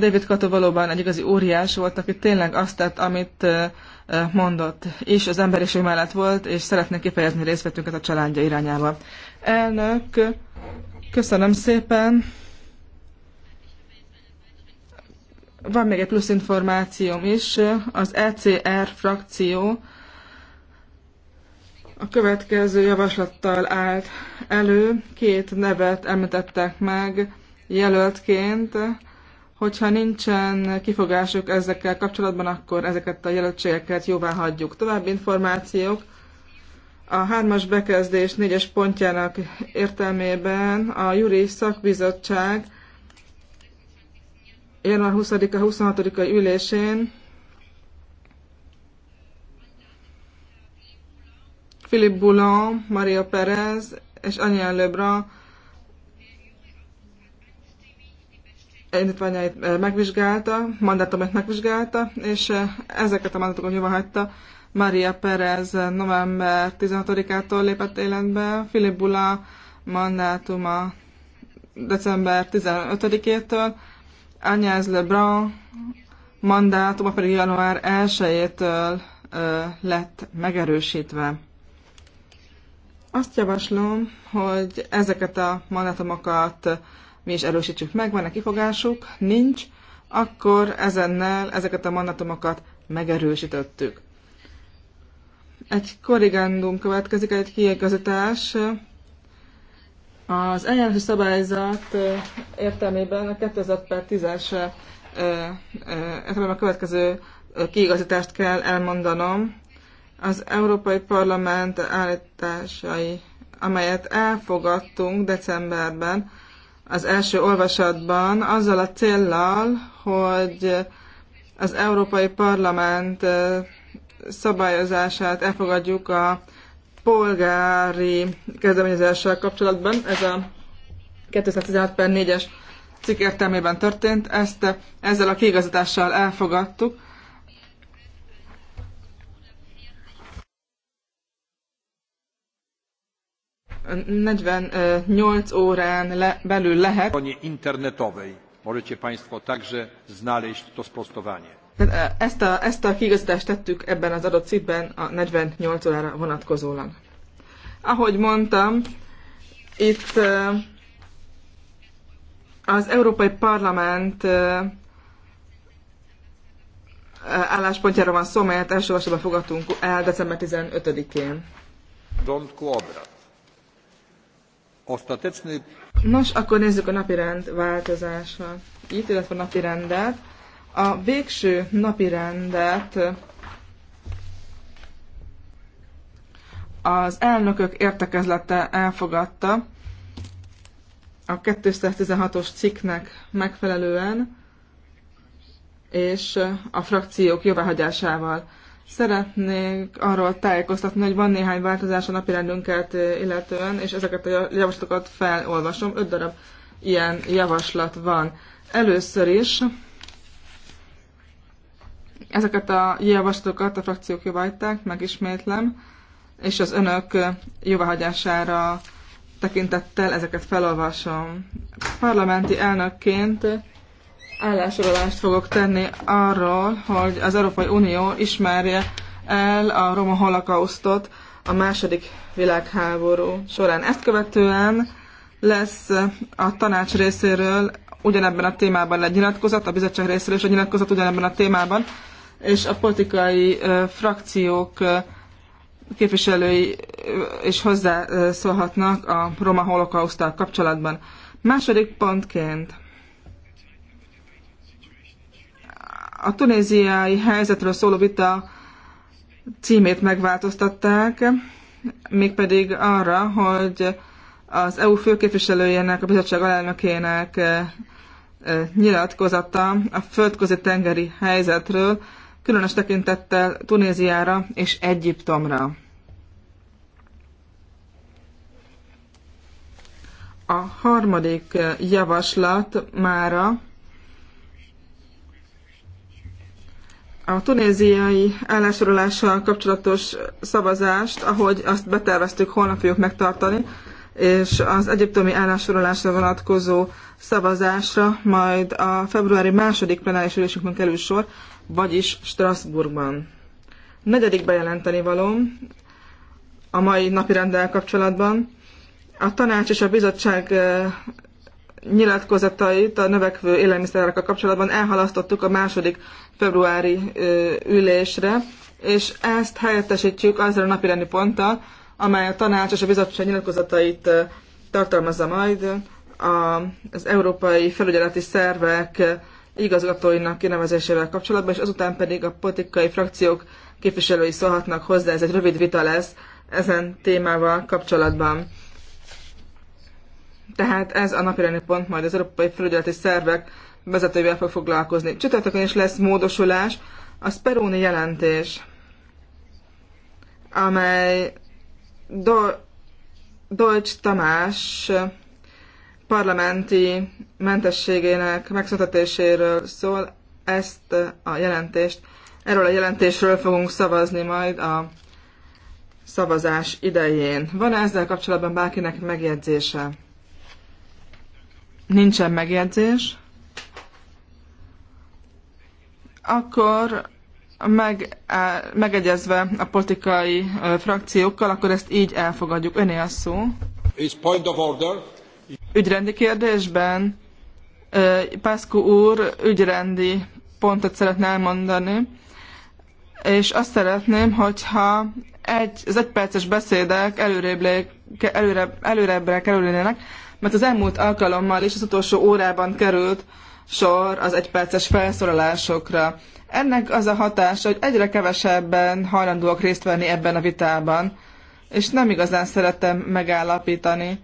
David Kato valóban egy igazi óriás volt, aki tényleg azt tett, amit mondott, és az emberiség mellett volt, és szeretnék kifejezni részvetünket a családja irányába. Elnök, köszönöm szépen. Van még egy plusz információm is. Az ECR frakció a következő javaslattal állt elő. Két nevet említettek meg jelöltként Hogyha nincsen kifogásuk ezekkel kapcsolatban, akkor ezeket a jelöltségeket jóvá hagyjuk. További információk. A hármas bekezdés négyes pontjának értelmében a Juri Szakbizottság január 20-a 26 ai ülésén Philip Boulon, Maria Perez és Anya Lebra indítványait eh, megvizsgálta, mandátumát megvizsgálta, és eh, ezeket a mandátumokat nyilván hagyta. Maria Perez eh, november 16-ától lépett életbe, Filip Bula mandátuma december 15-től, Agnès Lebrun mandátuma pedig január 1-től lett megerősítve. Azt javaslom, hogy ezeket a mandátumokat mi is erősítsük meg, van-e kifogásuk, nincs, akkor ezennel ezeket a mandátumokat megerősítettük. Egy korrigendum következik, egy kiegazítás. Az eljárási szabályzat értelmében a 2010 es értelemben a következő kiigazítást kell elmondanom. Az Európai Parlament állításai, amelyet elfogadtunk decemberben, az első olvasatban azzal a céllal, hogy az Európai Parlament szabályozását elfogadjuk a polgári kezdeményezéssel kapcsolatban. Ez a 216 per 4-es cikk értelmében történt. Ezt ezzel a kiigazítással elfogadtuk, 48 órán le, belül lehet. internetowej możecie Państwo także znaleźć to sprostowanie. E, ezt a, ezt a kiigazítást tettük ebben az adott cikkben a 48 órára vonatkozólag. Ahogy mondtam, itt e, az Európai Parlament e, álláspontjára van szó, melyet első vasabban fogadtunk el december 15-én. Don't ostateczny... Nos, akkor nézzük a napirend változását. Itt, illetve a rendet. A végső napirendet az elnökök értekezlete elfogadta a 216-os cikknek megfelelően, és a frakciók jóváhagyásával. Szeretnék arról tájékoztatni, hogy van néhány változás a rendünket illetően, és ezeket a javaslatokat felolvasom. Öt darab ilyen javaslat van. Először is ezeket a javaslatokat a frakciók jóváhagyták, megismétlem, és az önök jóváhagyására tekintettel ezeket felolvasom. Parlamenti elnökként állásolást fogok tenni arról, hogy az Európai Unió ismerje el a roma holokausztot a második világháború során. Ezt követően lesz a tanács részéről ugyanebben a témában egy nyilatkozat, a bizottság részéről is egy nyilatkozat ugyanebben a témában, és a politikai frakciók képviselői is hozzászólhatnak a roma holokausztal kapcsolatban. Második pontként A tunéziai helyzetről szóló vita címét megváltoztatták, mégpedig arra, hogy az EU főképviselőjének, a bizottság alelnökének eh, eh, nyilatkozata a földközi tengeri helyzetről, különös tekintettel Tunéziára és Egyiptomra. A harmadik eh, javaslat mára a tunéziai állásorolással kapcsolatos szavazást, ahogy azt beterveztük, holnap fogjuk megtartani, és az egyiptomi állásorolásra vonatkozó szavazásra majd a februári második plenáris ülésünkön kerül sor, vagyis Strasbourgban. Negyedik bejelenteni valom, a mai napi rendel kapcsolatban. A tanács és a bizottság eh, nyilatkozatait a növekvő élelmiszerekkel kapcsolatban elhalasztottuk a második februári ülésre, és ezt helyettesítjük azzal a napirendi ponttal, amely a tanács és a bizottság nyilatkozatait tartalmazza majd az európai felügyeleti szervek igazgatóinak kinevezésével kapcsolatban, és azután pedig a politikai frakciók képviselői szólhatnak hozzá. Ez egy rövid vita lesz ezen témával kapcsolatban tehát ez a napirendi pont majd az európai felügyeleti szervek vezetőivel fog foglalkozni. Csütörtökön is lesz módosulás, a Speroni jelentés, amely Do- Dolcs Tamás parlamenti mentességének megszüntetéséről szól, ezt a jelentést, erről a jelentésről fogunk szavazni majd a szavazás idején. Van -e ezzel kapcsolatban bárkinek megjegyzése? nincsen megjegyzés, akkor meg, eh, megegyezve a politikai eh, frakciókkal, akkor ezt így elfogadjuk. Öné a szó. Point of order. Ügyrendi kérdésben eh, Pászkó úr ügyrendi pontot szeretne elmondani, és azt szeretném, hogyha egy, az egyperces beszédek előrébb, előre, előrebbre kerülnének, mert az elmúlt alkalommal is az utolsó órában került sor az egyperces felszólalásokra. Ennek az a hatása, hogy egyre kevesebben hajlandóak részt venni ebben a vitában, és nem igazán szeretem megállapítani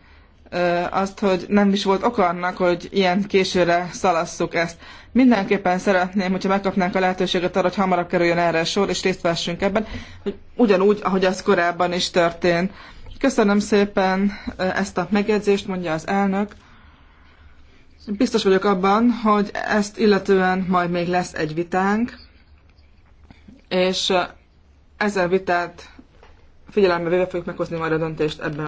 azt, hogy nem is volt ok annak, hogy ilyen későre szalasszuk ezt. Mindenképpen szeretném, hogyha megkapnánk a lehetőséget arra, hogy hamarabb kerüljön erre a sor, és részt vessünk ebben, hogy ugyanúgy, ahogy az korábban is történt. Köszönöm szépen ezt a megjegyzést, mondja az elnök. Biztos vagyok abban, hogy ezt illetően majd még lesz egy vitánk, és ezzel vitát figyelembe véve fogjuk meghozni majd a döntést ebben